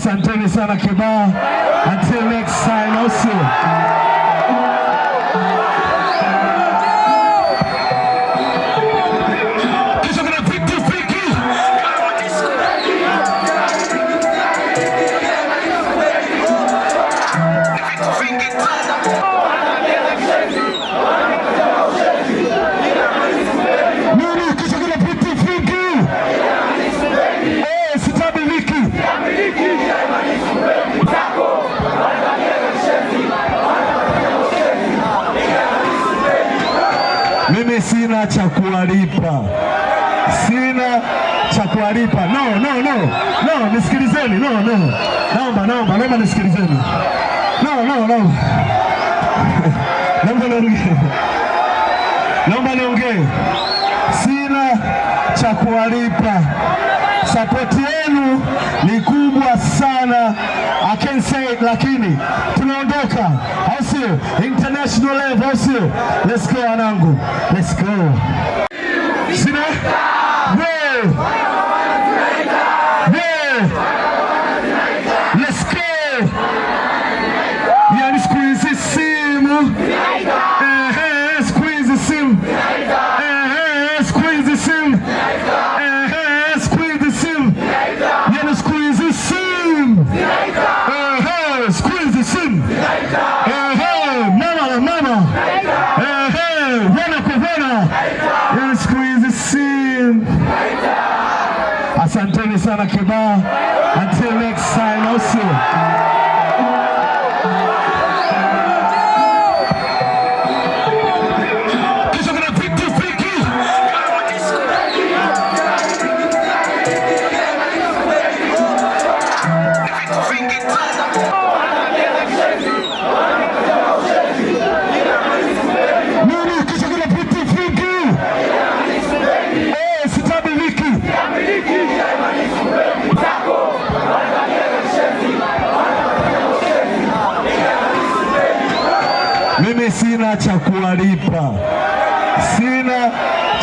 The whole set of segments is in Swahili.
Asanteni sana Kibaha. Until next time, I'll mimi sina cha kuwalipa, sina cha kuwalipa. No, no, no, no, nisikilizeni. No, no, naomba, naomba, naomba nisikilizeni. No, no, no, naomba niongee, naomba niongee. Sina cha kuwalipa, sapoti yenu ni kubwa sana. I can say lakini Baraka, au sio? International level, au sio? Let's go wanangu, let's go. Asanteni sana Kiba. Until next time, i Oh! mimi sina cha kuwalipa, sina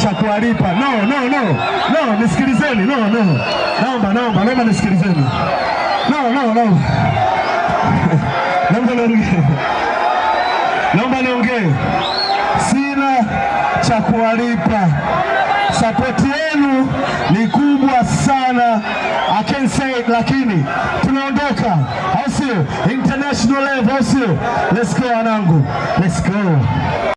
cha kuwalipa. No, no, no, no, nisikilizeni. No, no, naomba, naomba, naomba nisikilizeni. No, no, no, naomba niongee, naomba niongee. Sina cha kuwalipa, sapoti yenu ni kubwa sana. I can say lakini tunaondoka, au sio? Let's go wanangu, let's go.